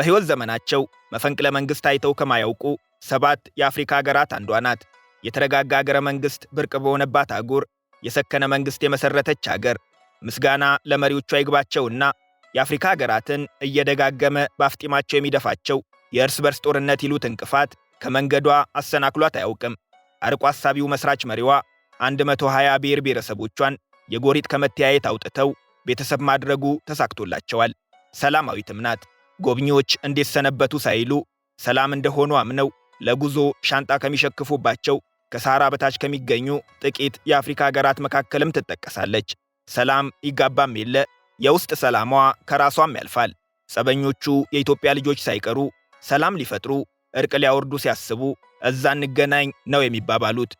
በሕይወት ዘመናቸው መፈንቅለ መንግሥት አይተው ከማያውቁ ሰባት የአፍሪካ አገራት አንዷ ናት። የተረጋጋ አገረ መንግሥት ብርቅ በሆነባት አጉር የሰከነ መንግሥት የመሠረተች አገር ምስጋና ለመሪዎቿ ይግባቸውና የአፍሪካ አገራትን እየደጋገመ በአፍጢማቸው የሚደፋቸው የእርስ በርስ ጦርነት ይሉት እንቅፋት ከመንገዷ አሰናክሏት አያውቅም። አርቆ አሳቢው መሥራች መሪዋ 120 ብሔር ብሔረሰቦቿን የጎሪጥ ከመተያየት አውጥተው ቤተሰብ ማድረጉ ተሳክቶላቸዋል። ሰላማዊትም ናት። ጎብኚዎች እንዴት ሰነበቱ ሳይሉ ሰላም እንደሆኑ አምነው ለጉዞ ሻንጣ ከሚሸክፉባቸው ከሳራ በታች ከሚገኙ ጥቂት የአፍሪካ ሀገራት መካከልም ትጠቀሳለች። ሰላም ይጋባም የለ የውስጥ ሰላሟ ከራሷም ያልፋል። ጸበኞቹ የኢትዮጵያ ልጆች ሳይቀሩ ሰላም ሊፈጥሩ እርቅ ሊያወርዱ ሲያስቡ እዛ እንገናኝ ነው የሚባባሉት።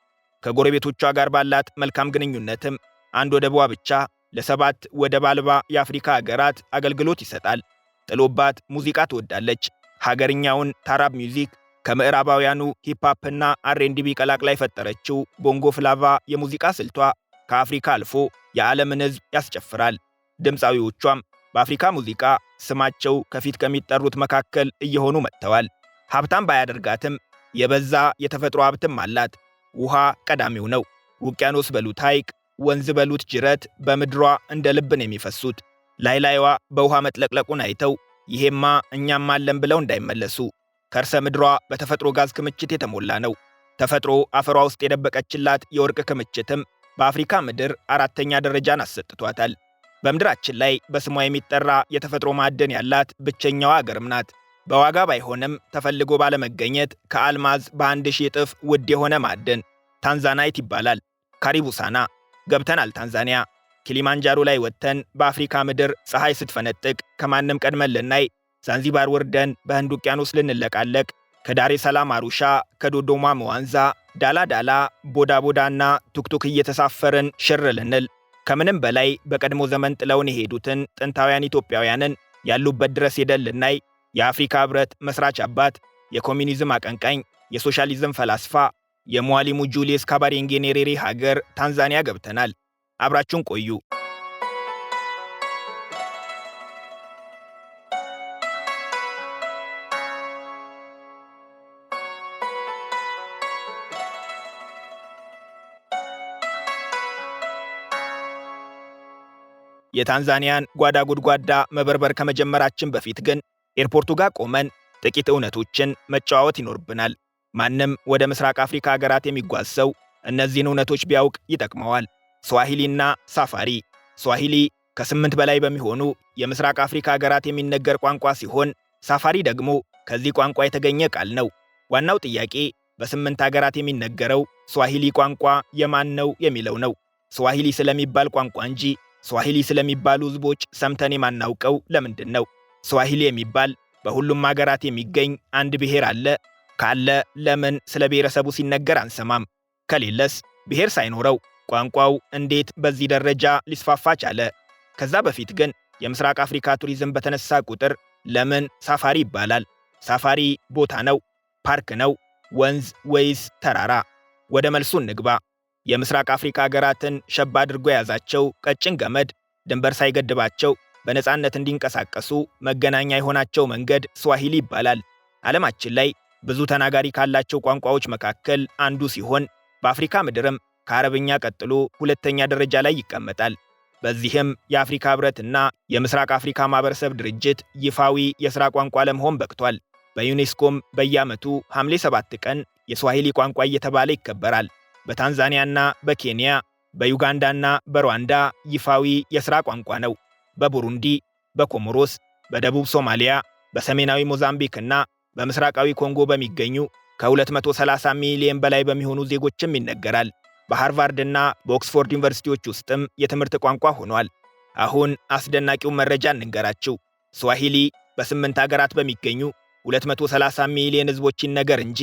ከጎረቤቶቿ ጋር ባላት መልካም ግንኙነትም አንድ ወደቧ ብቻ ለሰባት ወደብ አልባ የአፍሪካ ሀገራት አገልግሎት ይሰጣል። ጥሎባት ሙዚቃ ትወዳለች። ሀገርኛውን ታራብ ሚውዚክ ከምዕራባውያኑ ሂፕሆፕና አርኤንዲቢ ቀላቅላ የፈጠረችው ቦንጎ ፍላቫ የሙዚቃ ስልቷ ከአፍሪካ አልፎ የዓለምን ሕዝብ ያስጨፍራል። ድምፃዊዎቿም በአፍሪካ ሙዚቃ ስማቸው ከፊት ከሚጠሩት መካከል እየሆኑ መጥተዋል። ሀብታም ባያደርጋትም የበዛ የተፈጥሮ ሀብትም አላት። ውሃ ቀዳሚው ነው። ውቅያኖስ በሉት ሐይቅ፣ ወንዝ በሉት ጅረት በምድሯ እንደ ልብን የሚፈሱት ላይ ላይዋ በውሃ መጥለቅለቁን አይተው ይሄማ እኛም አለን ብለው እንዳይመለሱ። ከርሰ ምድሯ በተፈጥሮ ጋዝ ክምችት የተሞላ ነው። ተፈጥሮ አፈሯ ውስጥ የደበቀችላት የወርቅ ክምችትም በአፍሪካ ምድር አራተኛ ደረጃን አሰጥቷታል። በምድራችን ላይ በስሟ የሚጠራ የተፈጥሮ ማዕድን ያላት ብቸኛዋ አገርም ናት። በዋጋ ባይሆንም ተፈልጎ ባለመገኘት ከአልማዝ በአንድ ሺህ እጥፍ ውድ የሆነ ማዕድን ታንዛናይት ይባላል። ካሪቡሳና ገብተናል ታንዛኒያ። ኪሊማንጃሮ ላይ ወጥተን በአፍሪካ ምድር ፀሐይ ስትፈነጥቅ ከማንም ቀድመን ልናይ፣ ዛንዚባር ወርደን በህንድ ውቅያኖስ ልንለቃለቅ፣ ከዳሬ ሰላም አሩሻ፣ ከዶዶማ መዋንዛ፣ ዳላ ዳላ፣ ቦዳ ቦዳና ቱክቱክ እየተሳፈርን ሽር ልንል፣ ከምንም በላይ በቀድሞ ዘመን ጥለውን የሄዱትን ጥንታውያን ኢትዮጵያውያንን ያሉበት ድረስ ሄደን ልናይ፣ የአፍሪካ ህብረት መስራች አባት፣ የኮሚኒዝም አቀንቃኝ፣ የሶሻሊዝም ፈላስፋ የሟሊሙ ጁልየስ ካባሬንጌ ኔሬሬ ሀገር ታንዛኒያ ገብተናል። አብራችሁን ቆዩ። የታንዛኒያን ጓዳ ጉድጓዳ መበርበር ከመጀመራችን በፊት ግን ኤርፖርቱ ጋር ቆመን ጥቂት እውነቶችን መጨዋወት ይኖርብናል። ማንም ወደ ምስራቅ አፍሪካ ሀገራት የሚጓዝ ሰው እነዚህን እውነቶች ቢያውቅ ይጠቅመዋል። ስዋሂሊና ሳፋሪ። ስዋሂሊ ከስምንት በላይ በሚሆኑ የምስራቅ አፍሪካ ሀገራት የሚነገር ቋንቋ ሲሆን ሳፋሪ ደግሞ ከዚህ ቋንቋ የተገኘ ቃል ነው። ዋናው ጥያቄ በስምንት ሀገራት የሚነገረው ስዋሂሊ ቋንቋ የማን ነው የሚለው ነው። ስዋሂሊ ስለሚባል ቋንቋ እንጂ ስዋሂሊ ስለሚባሉ ህዝቦች ሰምተን የማናውቀው ለምንድን ነው? ስዋሂሊ የሚባል በሁሉም ሀገራት የሚገኝ አንድ ብሔር አለ ካለ ለምን ስለ ብሔረሰቡ ሲነገር አንሰማም? ከሌለስ ብሔር ሳይኖረው ቋንቋው እንዴት በዚህ ደረጃ ሊስፋፋ ቻለ? ከዛ በፊት ግን የምስራቅ አፍሪካ ቱሪዝም በተነሳ ቁጥር ለምን ሳፋሪ ይባላል? ሳፋሪ ቦታ ነው? ፓርክ ነው? ወንዝ ወይስ ተራራ? ወደ መልሱ እንግባ። የምስራቅ አፍሪካ አገራትን ሸባ አድርጎ የያዛቸው ቀጭን ገመድ ድንበር ሳይገድባቸው በነፃነት እንዲንቀሳቀሱ መገናኛ የሆናቸው መንገድ ስዋሂሊ ይባላል። ዓለማችን ላይ ብዙ ተናጋሪ ካላቸው ቋንቋዎች መካከል አንዱ ሲሆን በአፍሪካ ምድርም ከአረብኛ ቀጥሎ ሁለተኛ ደረጃ ላይ ይቀመጣል። በዚህም የአፍሪካ ህብረትና የምስራቅ አፍሪካ ማህበረሰብ ድርጅት ይፋዊ የሥራ ቋንቋ ለመሆን በቅቷል። በዩኔስኮም በየዓመቱ ሐምሌ 7 ቀን የስዋሂሊ ቋንቋ እየተባለ ይከበራል። በታንዛኒያና በኬንያ በዩጋንዳና በሩዋንዳ ይፋዊ የሥራ ቋንቋ ነው። በቡሩንዲ፣ በኮሞሮስ፣ በደቡብ ሶማሊያ፣ በሰሜናዊ ሞዛምቢክና በምስራቃዊ ኮንጎ በሚገኙ ከ230 ሚሊዮን በላይ በሚሆኑ ዜጎችም ይነገራል። በሃርቫርድና በኦክስፎርድ ዩኒቨርሲቲዎች ውስጥም የትምህርት ቋንቋ ሆኗል። አሁን አስደናቂውን መረጃ እንንገራችሁ። ስዋሂሊ በስምንት አገራት በሚገኙ 230 ሚሊዮን ህዝቦችን ነገር እንጂ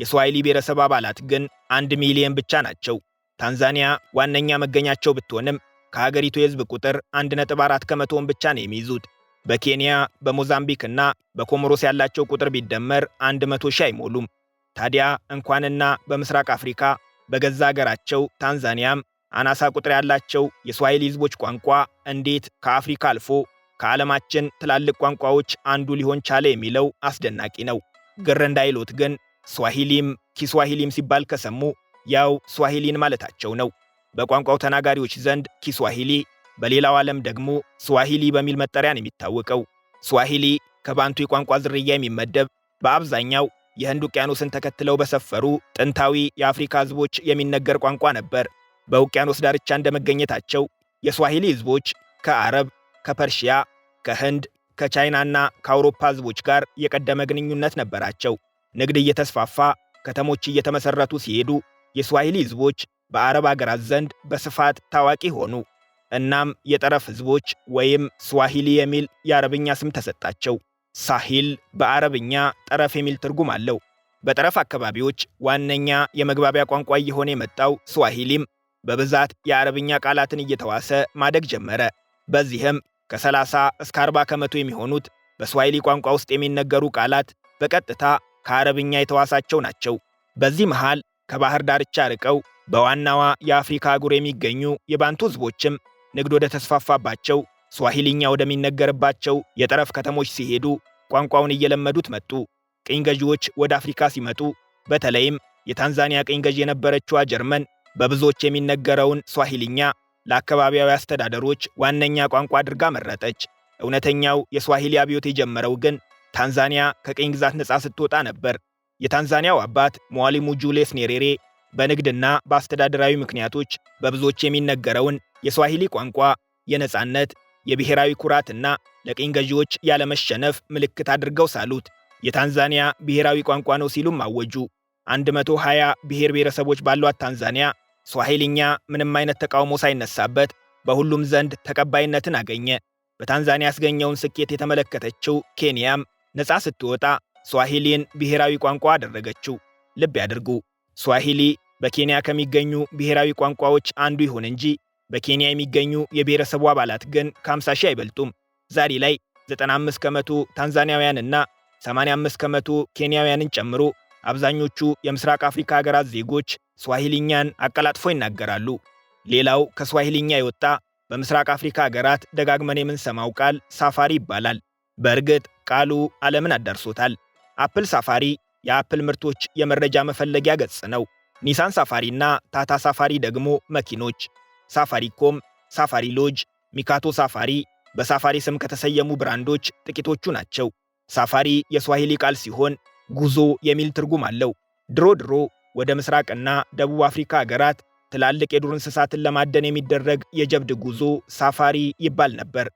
የስዋሂሊ ብሔረሰብ አባላት ግን አንድ ሚሊዮን ብቻ ናቸው። ታንዛኒያ ዋነኛ መገኛቸው ብትሆንም ከሀገሪቱ የህዝብ ቁጥር 1.4 ከመቶውን ብቻ ነው የሚይዙት። በኬንያ በሞዛምቢክ እና በኮሞሮስ ያላቸው ቁጥር ቢደመር መቶ ሺህ አይሞሉም። ታዲያ እንኳንና በምስራቅ አፍሪካ በገዛ አገራቸው ታንዛኒያም አናሳ ቁጥር ያላቸው የስዋሂሊ ህዝቦች ቋንቋ እንዴት ከአፍሪካ አልፎ ከዓለማችን ትላልቅ ቋንቋዎች አንዱ ሊሆን ቻለ የሚለው አስደናቂ ነው። ግር እንዳይሎት ግን ስዋሂሊም ኪስዋሂሊም ሲባል ከሰሙ ያው ስዋሂሊን ማለታቸው ነው። በቋንቋው ተናጋሪዎች ዘንድ ኪስዋሂሊ፣ በሌላው ዓለም ደግሞ ስዋሂሊ በሚል መጠሪያ ነው የሚታወቀው። ስዋሂሊ ከባንቱ የቋንቋ ዝርያ የሚመደብ በአብዛኛው የህንድ ውቅያኖስን ተከትለው በሰፈሩ ጥንታዊ የአፍሪካ ህዝቦች የሚነገር ቋንቋ ነበር። በውቅያኖስ ዳርቻ እንደመገኘታቸው የስዋሂሊ ህዝቦች ከአረብ፣ ከፐርሺያ፣ ከህንድ፣ ከቻይናና ከአውሮፓ ህዝቦች ጋር የቀደመ ግንኙነት ነበራቸው። ንግድ እየተስፋፋ ከተሞች እየተመሰረቱ ሲሄዱ የስዋሂሊ ህዝቦች በአረብ አገራት ዘንድ በስፋት ታዋቂ ሆኑ። እናም የጠረፍ ህዝቦች ወይም ስዋሂሊ የሚል የአረብኛ ስም ተሰጣቸው። ሳሂል በአረብኛ ጠረፍ የሚል ትርጉም አለው። በጠረፍ አካባቢዎች ዋነኛ የመግባቢያ ቋንቋ እየሆነ የመጣው ስዋሂሊም በብዛት የአረብኛ ቃላትን እየተዋሰ ማደግ ጀመረ። በዚህም ከ30 እስከ 40 ከመቶ የሚሆኑት በስዋሂሊ ቋንቋ ውስጥ የሚነገሩ ቃላት በቀጥታ ከአረብኛ የተዋሳቸው ናቸው። በዚህ መሃል ከባህር ዳርቻ ርቀው በዋናዋ የአፍሪካ አህጉር የሚገኙ የባንቱ ህዝቦችም ንግድ ወደ ተስፋፋባቸው ስዋሂልኛ ወደሚነገርባቸው የጠረፍ ከተሞች ሲሄዱ ቋንቋውን እየለመዱት መጡ። ቅኝ ገዢዎች ወደ አፍሪካ ሲመጡ በተለይም የታንዛኒያ ቅኝ ገዢ የነበረችዋ ጀርመን በብዙዎች የሚነገረውን ስዋሂልኛ ለአካባቢያዊ አስተዳደሮች ዋነኛ ቋንቋ አድርጋ መረጠች። እውነተኛው የስዋሂሊ አብዮት የጀመረው ግን ታንዛኒያ ከቅኝ ግዛት ነፃ ስትወጣ ነበር። የታንዛኒያው አባት ሟሊሙ ጁሌስ ኔሬሬ በንግድና በአስተዳደራዊ ምክንያቶች በብዙዎች የሚነገረውን የስዋሂሊ ቋንቋ የነፃነት የብሔራዊ ኩራትና ለቅኝ ገዢዎች ያለመሸነፍ ምልክት አድርገው ሳሉት። የታንዛኒያ ብሔራዊ ቋንቋ ነው ሲሉም አወጁ። 120 ብሔር ብሔረሰቦች ባሏት ታንዛኒያ ስዋሂልኛ ምንም አይነት ተቃውሞ ሳይነሳበት በሁሉም ዘንድ ተቀባይነትን አገኘ። በታንዛኒያ ያስገኘውን ስኬት የተመለከተችው ኬንያም ነፃ ስትወጣ ስዋሂሊን ብሔራዊ ቋንቋ አደረገችው። ልብ ያድርጉ፣ ስዋሂሊ በኬንያ ከሚገኙ ብሔራዊ ቋንቋዎች አንዱ ይሁን እንጂ በኬንያ የሚገኙ የብሔረሰቡ አባላት ግን ከ50 ሺህ አይበልጡም። ዛሬ ላይ 95 ከመቶ ታንዛኒያውያንና 85 ከመቶ ኬንያውያንን ጨምሮ አብዛኞቹ የምስራቅ አፍሪካ ሀገራት ዜጎች ስዋሂልኛን አቀላጥፎ ይናገራሉ። ሌላው ከስዋሂልኛ የወጣ በምስራቅ አፍሪካ ሀገራት ደጋግመን የምንሰማው ቃል ሳፋሪ ይባላል። በእርግጥ ቃሉ ዓለምን አዳርሶታል። አፕል ሳፋሪ የአፕል ምርቶች የመረጃ መፈለጊያ ገጽ ነው። ኒሳን ሳፋሪና ታታ ሳፋሪ ደግሞ መኪኖች ሳፋሪኮም፣ ሳፋሪ ሎጅ፣ ሚካቶ ሳፋሪ በሳፋሪ ስም ከተሰየሙ ብራንዶች ጥቂቶቹ ናቸው። ሳፋሪ የስዋሂሊ ቃል ሲሆን ጉዞ የሚል ትርጉም አለው። ድሮ ድሮ ወደ ምስራቅና ደቡብ አፍሪካ አገራት ትላልቅ የዱር እንስሳትን ለማደን የሚደረግ የጀብድ ጉዞ ሳፋሪ ይባል ነበር።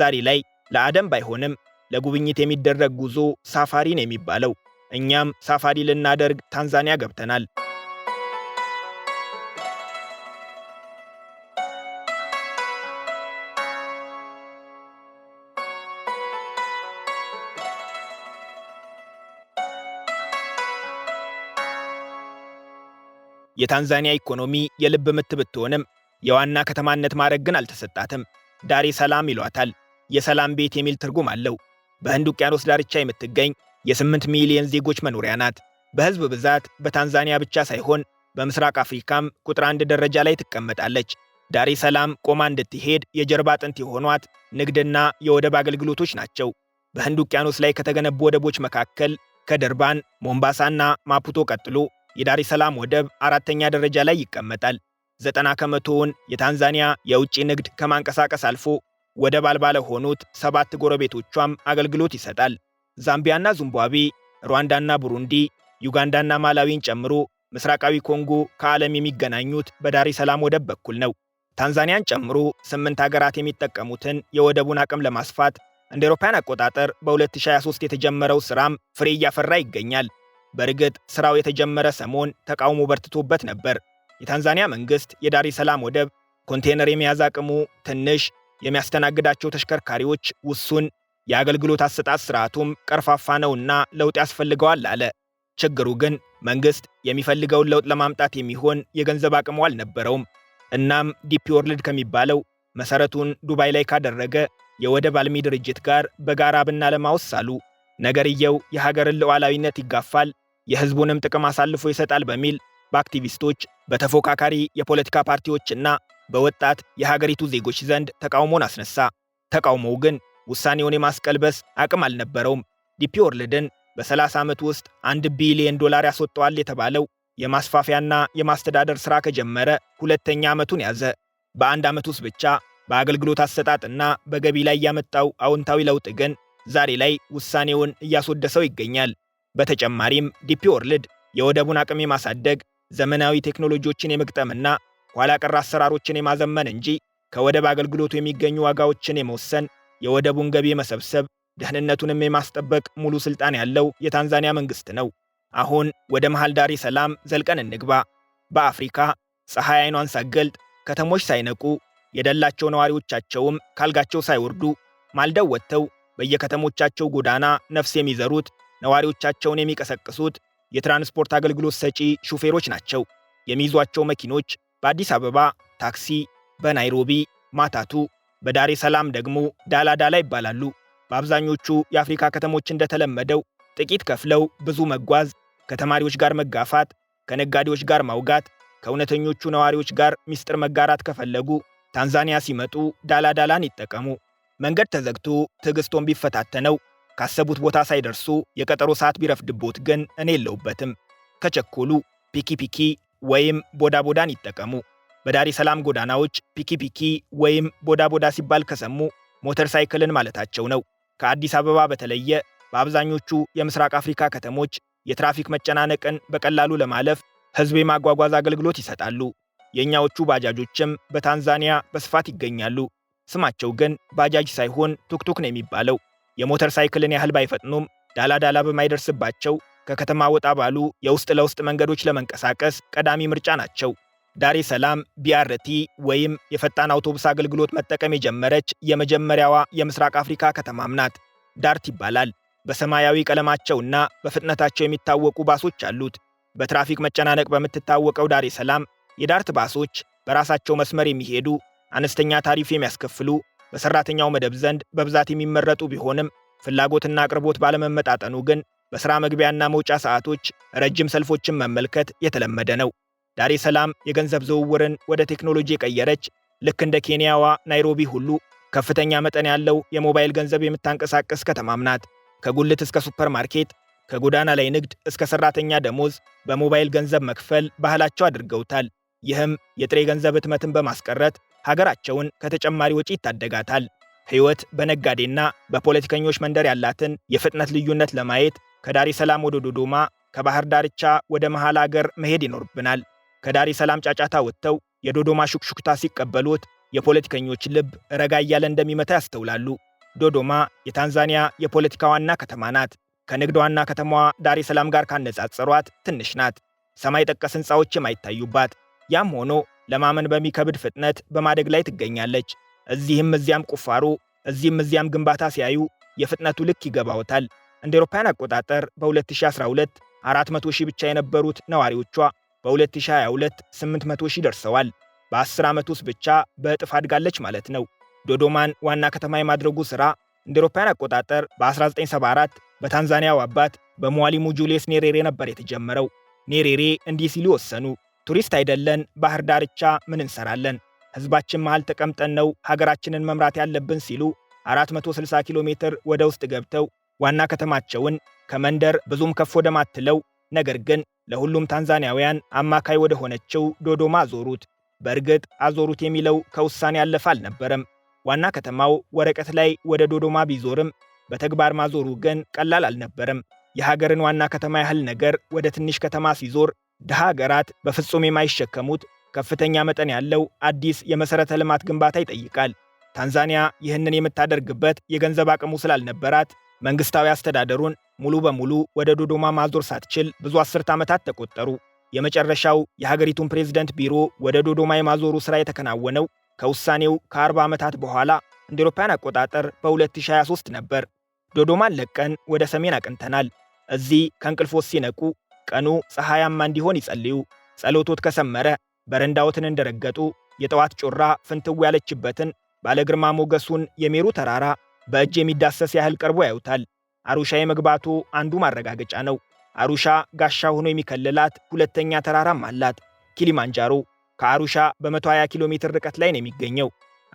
ዛሬ ላይ ለአደን ባይሆንም ለጉብኝት የሚደረግ ጉዞ ሳፋሪ ነው የሚባለው። እኛም ሳፋሪ ልናደርግ ታንዛኒያ ገብተናል። የታንዛኒያ ኢኮኖሚ የልብ ምት ብትሆንም የዋና ከተማነት ማዕረግ ግን አልተሰጣትም። ዳሬ ሰላም ይሏታል። የሰላም ቤት የሚል ትርጉም አለው። በህንድ ውቅያኖስ ዳርቻ የምትገኝ የስምንት ሚሊዮን ዜጎች መኖሪያ ናት። በህዝብ ብዛት በታንዛኒያ ብቻ ሳይሆን በምስራቅ አፍሪካም ቁጥር አንድ ደረጃ ላይ ትቀመጣለች። ዳሬ ሰላም ቆማ እንድትሄድ የጀርባ አጥንት የሆኗት ንግድና የወደብ አገልግሎቶች ናቸው። በህንድ ውቅያኖስ ላይ ከተገነቡ ወደቦች መካከል ከደርባን ሞምባሳና ማፑቶ ቀጥሎ የዳሬ ሰላም ወደብ አራተኛ ደረጃ ላይ ይቀመጣል። ዘጠና ከመቶውን የታንዛኒያ የውጭ ንግድ ከማንቀሳቀስ አልፎ ወደብ አልባ ለሆኑት ሰባት ጎረቤቶቿም አገልግሎት ይሰጣል። ዛምቢያና ዚምባብዌ፣ ሩዋንዳና ቡሩንዲ፣ ዩጋንዳና ማላዊን ጨምሮ ምስራቃዊ ኮንጎ ከዓለም የሚገናኙት በዳሬ ሰላም ወደብ በኩል ነው። ታንዛኒያን ጨምሮ ስምንት ሀገራት የሚጠቀሙትን የወደቡን አቅም ለማስፋት እንደ አውሮፓውያን አቆጣጠር በ2023 የተጀመረው ሥራም ፍሬ እያፈራ ይገኛል። በእርግጥ ሥራው የተጀመረ ሰሞን ተቃውሞ በርትቶበት ነበር። የታንዛኒያ መንግሥት የዳሬ ሰላም ወደብ ኮንቴነር የመያዝ አቅሙ ትንሽ፣ የሚያስተናግዳቸው ተሽከርካሪዎች ውሱን፣ የአገልግሎት አሰጣጥ ሥርዓቱም ቀርፋፋ ነውና ለውጥ ያስፈልገዋል አለ። ችግሩ ግን መንግሥት የሚፈልገውን ለውጥ ለማምጣት የሚሆን የገንዘብ አቅሙ አልነበረውም። እናም ዲፒ ወርልድ ከሚባለው መሠረቱን ዱባይ ላይ ካደረገ የወደብ አልሚ ድርጅት ጋር በጋራ ብናለማ አሉ። ነገርየው የሀገርን ሉዓላዊነት ይጋፋል፣ የህዝቡንም ጥቅም አሳልፎ ይሰጣል በሚል በአክቲቪስቶች በተፎካካሪ የፖለቲካ ፓርቲዎችና በወጣት የሀገሪቱ ዜጎች ዘንድ ተቃውሞን አስነሳ። ተቃውሞው ግን ውሳኔውን የማስቀልበስ አቅም አልነበረውም። ዲፒ ወርልድን በ30 ዓመት ውስጥ አንድ ቢሊዮን ዶላር ያስወጠዋል የተባለው የማስፋፊያና የማስተዳደር ሥራ ከጀመረ ሁለተኛ ዓመቱን ያዘ። በአንድ ዓመት ውስጥ ብቻ በአገልግሎት አሰጣጥና በገቢ ላይ ያመጣው አዎንታዊ ለውጥ ግን ዛሬ ላይ ውሳኔውን እያስወደሰው ይገኛል። በተጨማሪም ዲፒ ወርልድ የወደቡን አቅም የማሳደግ ዘመናዊ ቴክኖሎጂዎችን የመግጠምና ኋላ ቀር አሰራሮችን የማዘመን እንጂ ከወደብ አገልግሎቱ የሚገኙ ዋጋዎችን የመወሰን የወደቡን ገቢ የመሰብሰብ ደህንነቱንም የማስጠበቅ ሙሉ ስልጣን ያለው የታንዛኒያ መንግስት ነው። አሁን ወደ መሃል ዳሬ ሰላም ዘልቀን እንግባ። በአፍሪካ ፀሐይ አይኗን ሳገልጥ ከተሞች ሳይነቁ የደላቸው ነዋሪዎቻቸውም ካልጋቸው ሳይወርዱ ማልደው ወጥተው በየከተሞቻቸው ጎዳና ነፍስ የሚዘሩት ነዋሪዎቻቸውን የሚቀሰቅሱት የትራንስፖርት አገልግሎት ሰጪ ሹፌሮች ናቸው። የሚይዟቸው መኪኖች በአዲስ አበባ ታክሲ፣ በናይሮቢ ማታቱ፣ በዳሬ ሰላም ደግሞ ዳላዳላ ይባላሉ። በአብዛኞቹ የአፍሪካ ከተሞች እንደተለመደው ጥቂት ከፍለው ብዙ መጓዝ፣ ከተማሪዎች ጋር መጋፋት፣ ከነጋዴዎች ጋር ማውጋት፣ ከእውነተኞቹ ነዋሪዎች ጋር ሚስጥር መጋራት ከፈለጉ ታንዛኒያ ሲመጡ ዳላዳላን ይጠቀሙ። መንገድ ተዘግቶ ትዕግስቶን ቢፈታተነው ካሰቡት ቦታ ሳይደርሱ የቀጠሮ ሰዓት ቢረፍድቦት ግን እኔ የለውበትም። ከቸኮሉ ፒኪ ፒኪ ወይም ቦዳ ቦዳን ይጠቀሙ። በዳሬ ሰላም ጎዳናዎች ፒኪ ፒኪ ወይም ቦዳ ቦዳ ሲባል ከሰሙ ሞተር ሳይክልን ማለታቸው ነው። ከአዲስ አበባ በተለየ በአብዛኞቹ የምስራቅ አፍሪካ ከተሞች የትራፊክ መጨናነቅን በቀላሉ ለማለፍ ሕዝብ የማጓጓዝ አገልግሎት ይሰጣሉ። የእኛዎቹ ባጃጆችም በታንዛኒያ በስፋት ይገኛሉ። ስማቸው ግን ባጃጅ ሳይሆን ቱክቱክ ነው የሚባለው። የሞተር ሳይክልን ያህል ባይፈጥኑም ዳላ ዳላ በማይደርስባቸው ከከተማ ወጣ ባሉ የውስጥ ለውስጥ መንገዶች ለመንቀሳቀስ ቀዳሚ ምርጫ ናቸው። ዳሬ ሰላም ቢአርቲ ወይም የፈጣን አውቶቡስ አገልግሎት መጠቀም የጀመረች የመጀመሪያዋ የምስራቅ አፍሪካ ከተማም ናት። ዳርት ይባላል። በሰማያዊ ቀለማቸውና በፍጥነታቸው የሚታወቁ ባሶች አሉት። በትራፊክ መጨናነቅ በምትታወቀው ዳሬ ሰላም የዳርት ባሶች በራሳቸው መስመር የሚሄዱ አነስተኛ ታሪፍ የሚያስከፍሉ በሰራተኛው መደብ ዘንድ በብዛት የሚመረጡ ቢሆንም ፍላጎትና አቅርቦት ባለመመጣጠኑ ግን በሥራ መግቢያና መውጫ ሰዓቶች ረጅም ሰልፎችን መመልከት የተለመደ ነው። ዳሬ ሰላም የገንዘብ ዝውውርን ወደ ቴክኖሎጂ የቀየረች ልክ እንደ ኬንያዋ ናይሮቢ ሁሉ ከፍተኛ መጠን ያለው የሞባይል ገንዘብ የምታንቀሳቀስ ከተማም ናት። ከጉልት እስከ ሱፐርማርኬት፣ ከጎዳና ላይ ንግድ እስከ ሠራተኛ ደሞዝ በሞባይል ገንዘብ መክፈል ባህላቸው አድርገውታል። ይህም የጥሬ ገንዘብ ሕትመትን በማስቀረት ሀገራቸውን ከተጨማሪ ወጪ ይታደጋታል። ሕይወት በነጋዴና በፖለቲከኞች መንደር ያላትን የፍጥነት ልዩነት ለማየት ከዳሬ ሰላም ወደ ዶዶማ፣ ከባህር ዳርቻ ወደ መሃል አገር መሄድ ይኖርብናል። ከዳሬ ሰላም ጫጫታ ወጥተው የዶዶማ ሹክሹክታ ሲቀበሉት የፖለቲከኞች ልብ ረጋ እያለ እንደሚመታ ያስተውላሉ። ዶዶማ የታንዛኒያ የፖለቲካ ዋና ከተማ ናት። ከንግድ ዋና ከተማዋ ዳሬ ሰላም ጋር ካነጻጸሯት ትንሽ ናት። ሰማይ ጠቀስ ሕንፃዎች የማይታዩባት። ያም ሆኖ ለማመን በሚከብድ ፍጥነት በማደግ ላይ ትገኛለች። እዚህም እዚያም ቁፋሮ፣ እዚህም እዚያም ግንባታ ሲያዩ የፍጥነቱ ልክ ይገባዎታል። እንደ አውሮፓውያን አቆጣጠር በ2012 400 ሺህ ብቻ የነበሩት ነዋሪዎቿ በ2022 800 ሺህ ደርሰዋል። በ10 ዓመት ውስጥ ብቻ በእጥፍ አድጋለች ማለት ነው። ዶዶማን ዋና ከተማ የማድረጉ ሥራ እንደ አውሮፓውያን አቆጣጠር በ1974 በታንዛኒያው አባት በሙዋሊሙ ጁልየስ ኔሬሬ ነበር የተጀመረው። ኔሬሬ እንዲህ ሲሉ ወሰኑ። ቱሪስት አይደለን። ባህር ዳርቻ ምን እንሰራለን? ህዝባችን መሃል ተቀምጠን ነው ሀገራችንን መምራት ያለብን ሲሉ 460 ኪሎ ሜትር ወደ ውስጥ ገብተው ዋና ከተማቸውን ከመንደር ብዙም ከፍ ወደማትለው ነገር ግን ለሁሉም ታንዛኒያውያን አማካይ ወደ ሆነችው ዶዶማ አዞሩት። በእርግጥ አዞሩት የሚለው ከውሳኔ ያለፈ አልነበረም። ዋና ከተማው ወረቀት ላይ ወደ ዶዶማ ቢዞርም በተግባር ማዞሩ ግን ቀላል አልነበረም። የሀገርን ዋና ከተማ ያህል ነገር ወደ ትንሽ ከተማ ሲዞር ድሃ ሀገራት በፍጹም የማይሸከሙት ከፍተኛ መጠን ያለው አዲስ የመሠረተ ልማት ግንባታ ይጠይቃል። ታንዛኒያ ይህንን የምታደርግበት የገንዘብ አቅሙ ስላልነበራት መንግሥታዊ አስተዳደሩን ሙሉ በሙሉ ወደ ዶዶማ ማዞር ሳትችል ብዙ አስርት ዓመታት ተቆጠሩ። የመጨረሻው የሀገሪቱን ፕሬዝደንት ቢሮ ወደ ዶዶማ የማዞሩ ሥራ የተከናወነው ከውሳኔው ከ40 ዓመታት በኋላ እንደ ኤሮፓያን አቆጣጠር በ2023 ነበር። ዶዶማን ለቀን ወደ ሰሜን አቅንተናል። እዚህ ከእንቅልፎ ሲነቁ ቀኑ ፀሐያማ እንዲሆን ይጸልዩ። ጸሎቶት ከሰመረ በረንዳዎትን እንደረገጡ የጠዋት ጮራ ፍንትው ያለችበትን ባለግርማ ሞገሱን የሜሩ ተራራ በእጅ የሚዳሰስ ያህል ቀርቦ ያዩታል። አሩሻ የመግባቱ አንዱ ማረጋገጫ ነው። አሩሻ ጋሻ ሆኖ የሚከልላት ሁለተኛ ተራራም አላት። ኪሊማንጃሮ ከአሩሻ በ120 ኪሎ ሜትር ርቀት ላይ ነው የሚገኘው።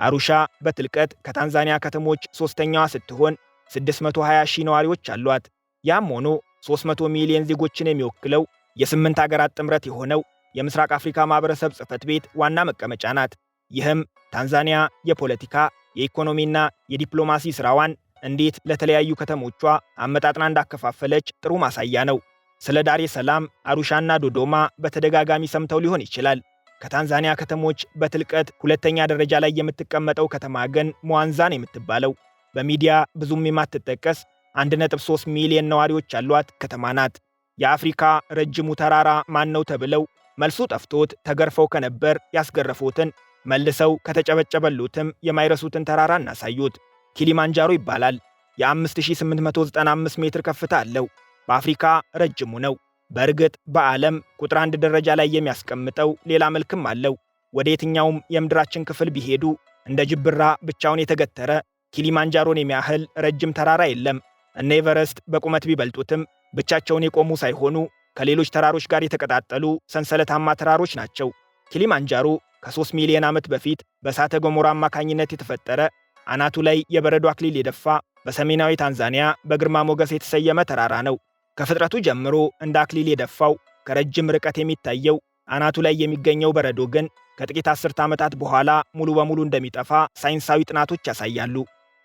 አሩሻ በትልቀት ከታንዛኒያ ከተሞች ሦስተኛዋ ስትሆን 620 ሺህ ነዋሪዎች አሏት። ያም ሆኖ 300 ሚሊዮን ዜጎችን የሚወክለው የስምንት አገራት ጥምረት የሆነው የምስራቅ አፍሪካ ማህበረሰብ ጽህፈት ቤት ዋና መቀመጫ ናት። ይህም ታንዛኒያ የፖለቲካ የኢኮኖሚና የዲፕሎማሲ ስራዋን እንዴት ለተለያዩ ከተሞቿ አመጣጥና እንዳከፋፈለች ጥሩ ማሳያ ነው። ስለ ዳሬ ሰላም፣ አሩሻና ዶዶማ በተደጋጋሚ ሰምተው ሊሆን ይችላል። ከታንዛኒያ ከተሞች በትልቀት ሁለተኛ ደረጃ ላይ የምትቀመጠው ከተማ ግን መዋንዛ ነው የምትባለው። በሚዲያ ብዙም የማትጠቀስ 1.3 ሚሊዮን ነዋሪዎች ያሏት ከተማ ናት። የአፍሪካ ረጅሙ ተራራ ማን ነው ተብለው መልሱ ጠፍቶት ተገርፈው ከነበር ያስገረፉትን መልሰው ከተጨበጨበሉትም የማይረሱትን ተራራ እናሳዩት። ኪሊማንጃሮ ይባላል። የ5895 ሜትር ከፍታ አለው። በአፍሪካ ረጅሙ ነው። በእርግጥ በዓለም ቁጥር አንድ ደረጃ ላይ የሚያስቀምጠው ሌላ መልክም አለው። ወደ የትኛውም የምድራችን ክፍል ቢሄዱ እንደ ጅብራ ብቻውን የተገተረ ኪሊማንጃሮን የሚያህል ረጅም ተራራ የለም። እነ ኤቨረስት በቁመት ቢበልጡትም ብቻቸውን የቆሙ ሳይሆኑ ከሌሎች ተራሮች ጋር የተቀጣጠሉ ሰንሰለታማ ተራሮች ናቸው። ኪሊማንጃሮ ከ3 ሚሊዮን ዓመት በፊት በእሳተ ገሞራ አማካኝነት የተፈጠረ አናቱ ላይ የበረዶ አክሊል የደፋ በሰሜናዊ ታንዛኒያ በግርማ ሞገስ የተሰየመ ተራራ ነው። ከፍጥረቱ ጀምሮ እንደ አክሊል የደፋው ከረጅም ርቀት የሚታየው አናቱ ላይ የሚገኘው በረዶ ግን ከጥቂት አስርት ዓመታት በኋላ ሙሉ በሙሉ እንደሚጠፋ ሳይንሳዊ ጥናቶች ያሳያሉ።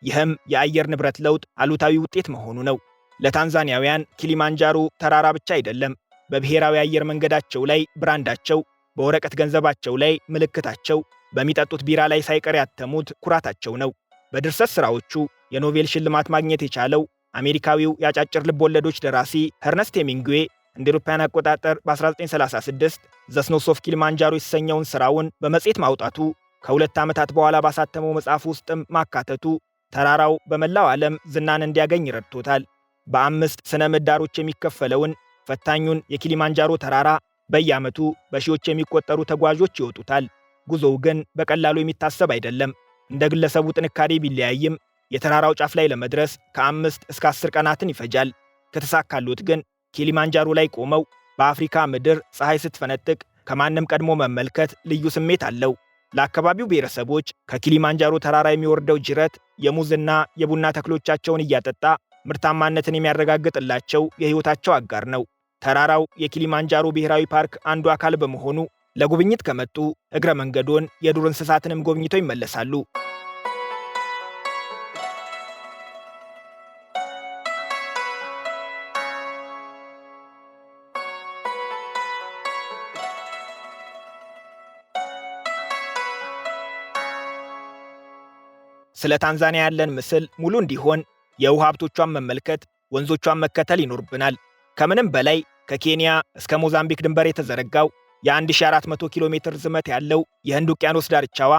ይህም የአየር ንብረት ለውጥ አሉታዊ ውጤት መሆኑ ነው። ለታንዛኒያውያን ኪሊማንጃሮ ተራራ ብቻ አይደለም። በብሔራዊ አየር መንገዳቸው ላይ ብራንዳቸው፣ በወረቀት ገንዘባቸው ላይ ምልክታቸው፣ በሚጠጡት ቢራ ላይ ሳይቀር ያተሙት ኩራታቸው ነው። በድርሰት ሥራዎቹ የኖቤል ሽልማት ማግኘት የቻለው አሜሪካዊው የአጫጭር ልብ ወለዶች ደራሲ ኸርነስት ሄሚንግዌ እንደ አውሮፓውያን አቆጣጠር በ1936 ዘ ስኖፕስ ኦፍ ኪሊማንጃሮ የተሰኘውን ሥራውን በመጽሔት ማውጣቱ ከሁለት ዓመታት በኋላ ባሳተመው መጽሐፍ ውስጥም ማካተቱ ተራራው በመላው ዓለም ዝናን እንዲያገኝ ረድቶታል። በአምስት ስነ ምህዳሮች የሚከፈለውን ፈታኙን የኪሊማንጃሮ ተራራ በየዓመቱ በሺዎች የሚቆጠሩ ተጓዦች ይወጡታል። ጉዞው ግን በቀላሉ የሚታሰብ አይደለም። እንደ ግለሰቡ ጥንካሬ ቢለያይም የተራራው ጫፍ ላይ ለመድረስ ከአምስት እስከ አስር ቀናትን ይፈጃል። ከተሳካሉት ግን ኪሊማንጃሮ ላይ ቆመው በአፍሪካ ምድር ፀሐይ ስትፈነጥቅ ከማንም ቀድሞ መመልከት ልዩ ስሜት አለው። ለአካባቢው ብሔረሰቦች ከኪሊማንጃሮ ተራራ የሚወርደው ጅረት የሙዝና የቡና ተክሎቻቸውን እያጠጣ ምርታማነትን የሚያረጋግጥላቸው የሕይወታቸው አጋር ነው። ተራራው የኪሊማንጃሮ ብሔራዊ ፓርክ አንዱ አካል በመሆኑ ለጉብኝት ከመጡ እግረ መንገዶን የዱር እንስሳትንም ጎብኝተው ይመለሳሉ። ስለ ታንዛኒያ ያለን ምስል ሙሉ እንዲሆን የውሃ ሀብቶቿን መመልከት፣ ወንዞቿን መከተል ይኖርብናል። ከምንም በላይ ከኬንያ እስከ ሞዛምቢክ ድንበር የተዘረጋው የ1400 ኪሎ ሜትር ዝመት ያለው የህንድ ውቅያኖስ ዳርቻዋ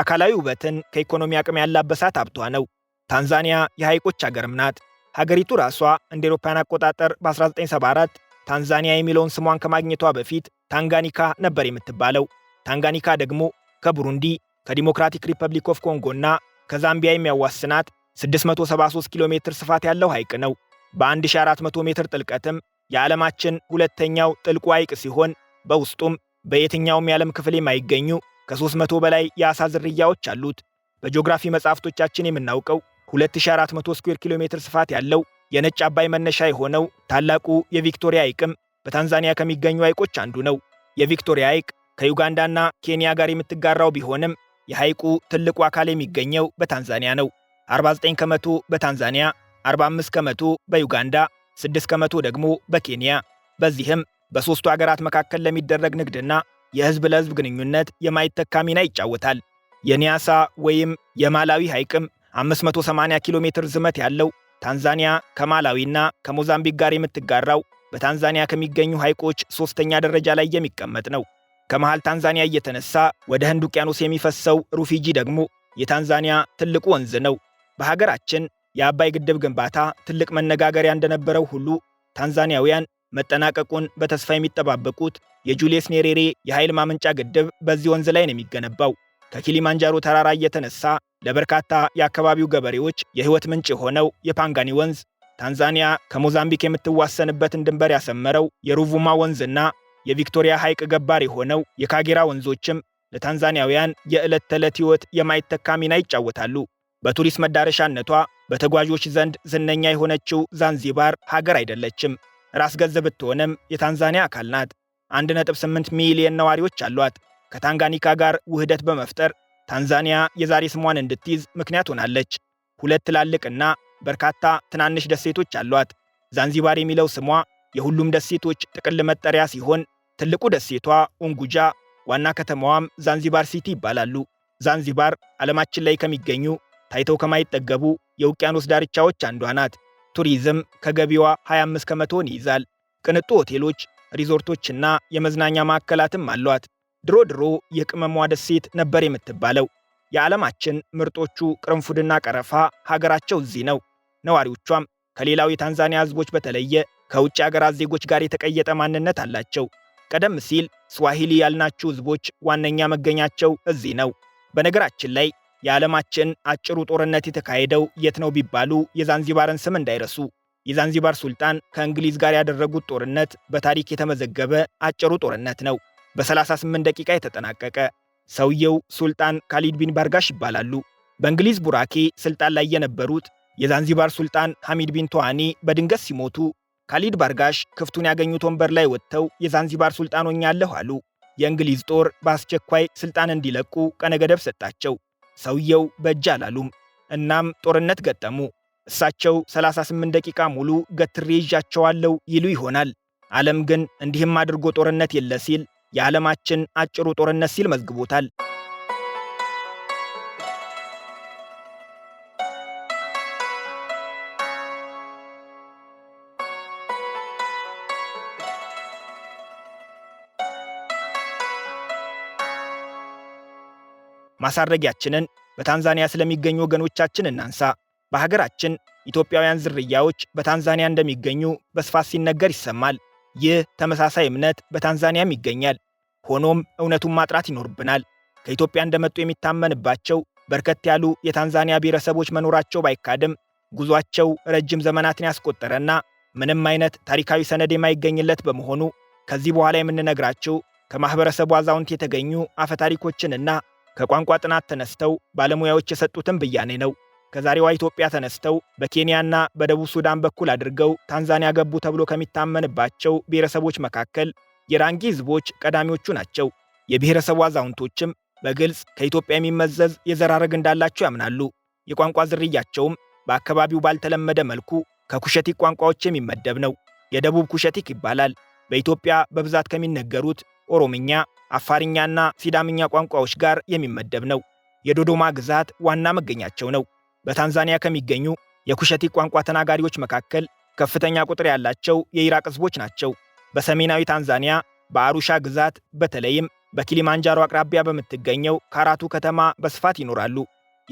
አካላዊ ውበትን ከኢኮኖሚ አቅም ያላበሳት ሀብቷ ነው። ታንዛኒያ የሐይቆች አገርም ናት። ሀገሪቱ ራሷ እንደ ኤሮፓያን አቆጣጠር በ1974 ታንዛኒያ የሚለውን ስሟን ከማግኘቷ በፊት ታንጋኒካ ነበር የምትባለው። ታንጋኒካ ደግሞ ከቡሩንዲ ከዲሞክራቲክ ሪፐብሊክ ኦፍ ኮንጎ ና ከዛምቢያ የሚያዋስናት 673 ኪሎ ሜትር ስፋት ያለው ሐይቅ ነው። በ1400 ሜትር ጥልቀትም የዓለማችን ሁለተኛው ጥልቁ ሐይቅ ሲሆን በውስጡም በየትኛውም የዓለም ክፍል የማይገኙ ከ300 በላይ የአሳ ዝርያዎች አሉት። በጂኦግራፊ መጻሕፍቶቻችን የምናውቀው 2400 ስኩዌር ኪሎ ሜትር ስፋት ያለው የነጭ አባይ መነሻ የሆነው ታላቁ የቪክቶሪያ ሐይቅም በታንዛኒያ ከሚገኙ ሐይቆች አንዱ ነው። የቪክቶሪያ ሐይቅ ከዩጋንዳና ኬንያ ጋር የምትጋራው ቢሆንም የሐይቁ ትልቁ አካል የሚገኘው በታንዛኒያ ነው። 49 ከመቶ በታንዛኒያ፣ 45 ከመቶ በዩጋንዳ፣ 6 ከመቶ ደግሞ በኬንያ። በዚህም በሦስቱ አገራት መካከል ለሚደረግ ንግድና የሕዝብ ለሕዝብ ግንኙነት የማይተካ ሚና ይጫወታል። የኒያሳ ወይም የማላዊ ሐይቅም 580 ኪሎ ሜትር ዝመት ያለው ታንዛኒያ ከማላዊና ከሞዛምቢክ ጋር የምትጋራው በታንዛኒያ ከሚገኙ ሐይቆች ሦስተኛ ደረጃ ላይ የሚቀመጥ ነው። ከመሃል ታንዛኒያ እየተነሳ ወደ ህንድ ውቅያኖስ የሚፈሰው ሩፊጂ ደግሞ የታንዛኒያ ትልቁ ወንዝ ነው። በሀገራችን የአባይ ግድብ ግንባታ ትልቅ መነጋገሪያ እንደነበረው ሁሉ ታንዛኒያውያን መጠናቀቁን በተስፋ የሚጠባበቁት የጁልየስ ኔሬሬ የኃይል ማመንጫ ግድብ በዚህ ወንዝ ላይ ነው የሚገነባው። ከኪሊማንጃሮ ተራራ እየተነሳ ለበርካታ የአካባቢው ገበሬዎች የህይወት ምንጭ የሆነው የፓንጋኒ ወንዝ ታንዛኒያ ከሞዛምቢክ የምትዋሰንበትን ድንበር ያሰመረው የሩቮማ ወንዝና የቪክቶሪያ ሐይቅ ገባር የሆነው የካጌራ ወንዞችም ለታንዛኒያውያን የዕለት ተዕለት ሕይወት የማይተካ ሚና ይጫወታሉ። በቱሪስት መዳረሻነቷ በተጓዦች ዘንድ ዝነኛ የሆነችው ዛንዚባር ሀገር አይደለችም። ራስ ገዝ ብትሆንም የታንዛኒያ አካል ናት። 1.8 ሚሊየን ነዋሪዎች አሏት። ከታንጋኒካ ጋር ውህደት በመፍጠር ታንዛኒያ የዛሬ ስሟን እንድትይዝ ምክንያት ሆናለች። ሁለት ትላልቅና በርካታ ትናንሽ ደሴቶች አሏት። ዛንዚባር የሚለው ስሟ የሁሉም ደሴቶች ጥቅል መጠሪያ ሲሆን ትልቁ ደሴቷ ኡንጉጃ፣ ዋና ከተማዋም ዛንዚባር ሲቲ ይባላሉ። ዛንዚባር ዓለማችን ላይ ከሚገኙ ታይተው ከማይጠገቡ የውቅያኖስ ዳርቻዎች አንዷ ናት። ቱሪዝም ከገቢዋ 25 ከመቶን ይይዛል። ቅንጡ ሆቴሎች፣ ሪዞርቶችና የመዝናኛ ማዕከላትም አሏት። ድሮ ድሮ የቅመሟ ደሴት ነበር የምትባለው። የዓለማችን ምርጦቹ ቅርንፉድና ቀረፋ ሀገራቸው እዚህ ነው። ነዋሪዎቿም ከሌላው የታንዛኒያ ህዝቦች በተለየ ከውጭ አገራት ዜጎች ጋር የተቀየጠ ማንነት አላቸው። ቀደም ሲል ስዋሂሊ ያልናቸው ሕዝቦች ዋነኛ መገኛቸው እዚህ ነው። በነገራችን ላይ የዓለማችን አጭሩ ጦርነት የተካሄደው የት ነው ቢባሉ የዛንዚባርን ስም እንዳይረሱ። የዛንዚባር ሱልጣን ከእንግሊዝ ጋር ያደረጉት ጦርነት በታሪክ የተመዘገበ አጭሩ ጦርነት ነው። በ38 ደቂቃ የተጠናቀቀ። ሰውየው ሱልጣን ካሊድ ቢን ባርጋሽ ይባላሉ። በእንግሊዝ ቡራኬ ስልጣን ላይ የነበሩት የዛንዚባር ሱልጣን ሐሚድ ቢን ቶዋኒ በድንገት ሲሞቱ ካሊድ ባርጋሽ ክፍቱን ያገኙት ወንበር ላይ ወጥተው የዛንዚባር ሱልጣን ሆኛለሁ አሉ። የእንግሊዝ ጦር በአስቸኳይ ስልጣን እንዲለቁ ቀነ ገደብ ሰጣቸው። ሰውየው በእጅ አላሉም። እናም ጦርነት ገጠሙ። እሳቸው 38 ደቂቃ ሙሉ ገትሬ ይዣቸዋለሁ ይሉ ይሆናል። ዓለም ግን እንዲህም አድርጎ ጦርነት የለ ሲል የዓለማችን አጭሩ ጦርነት ሲል መዝግቦታል። ማሳረጊያችንን በታንዛኒያ ስለሚገኙ ወገኖቻችን እናንሳ። በሀገራችን ኢትዮጵያውያን ዝርያዎች በታንዛኒያ እንደሚገኙ በስፋት ሲነገር ይሰማል። ይህ ተመሳሳይ እምነት በታንዛኒያም ይገኛል። ሆኖም እውነቱን ማጥራት ይኖርብናል። ከኢትዮጵያ እንደመጡ የሚታመንባቸው በርከት ያሉ የታንዛኒያ ብሔረሰቦች መኖራቸው ባይካድም ጉዟቸው ረጅም ዘመናትን ያስቆጠረና ምንም አይነት ታሪካዊ ሰነድ የማይገኝለት በመሆኑ ከዚህ በኋላ የምንነግራችሁ ከማኅበረሰቡ አዛውንት የተገኙ አፈታሪኮችንና ከቋንቋ ጥናት ተነስተው ባለሙያዎች የሰጡትን ብያኔ ነው። ከዛሬዋ ኢትዮጵያ ተነስተው በኬንያና በደቡብ ሱዳን በኩል አድርገው ታንዛኒያ ገቡ ተብሎ ከሚታመንባቸው ብሔረሰቦች መካከል የራንጊ ህዝቦች ቀዳሚዎቹ ናቸው። የብሔረሰቡ አዛውንቶችም በግልጽ ከኢትዮጵያ የሚመዘዝ የዘራረግ እንዳላቸው ያምናሉ። የቋንቋ ዝርያቸውም በአካባቢው ባልተለመደ መልኩ ከኩሸቲክ ቋንቋዎች የሚመደብ ነው። የደቡብ ኩሸቲክ ይባላል። በኢትዮጵያ በብዛት ከሚነገሩት ኦሮምኛ፣ አፋርኛና ሲዳምኛ ቋንቋዎች ጋር የሚመደብ ነው። የዶዶማ ግዛት ዋና መገኛቸው ነው። በታንዛኒያ ከሚገኙ የኩሸቲ ቋንቋ ተናጋሪዎች መካከል ከፍተኛ ቁጥር ያላቸው የኢራቅ ህዝቦች ናቸው። በሰሜናዊ ታንዛኒያ በአሩሻ ግዛት በተለይም በኪሊማንጃሮ አቅራቢያ በምትገኘው ካራቱ ከተማ በስፋት ይኖራሉ።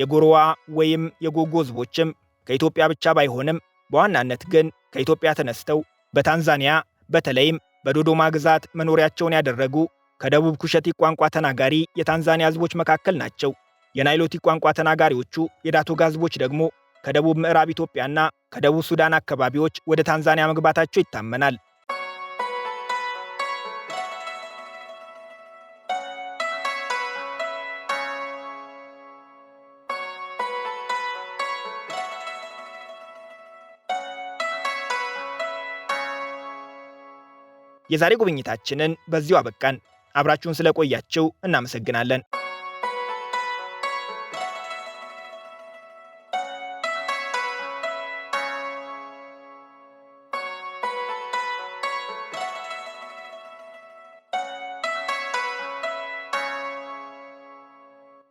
የጎሮዋ ወይም የጎጎ ህዝቦችም ከኢትዮጵያ ብቻ ባይሆንም በዋናነት ግን ከኢትዮጵያ ተነስተው በታንዛኒያ በተለይም በዶዶማ ግዛት መኖሪያቸውን ያደረጉ ከደቡብ ኩሸቲ ቋንቋ ተናጋሪ የታንዛኒያ ህዝቦች መካከል ናቸው። የናይሎቲ ቋንቋ ተናጋሪዎቹ የዳቶጋ ህዝቦች ደግሞ ከደቡብ ምዕራብ ኢትዮጵያና ከደቡብ ሱዳን አካባቢዎች ወደ ታንዛኒያ መግባታቸው ይታመናል። የዛሬ ጉብኝታችንን በዚሁ አበቃን። አብራችሁን ስለቆያችሁ እናመሰግናለን።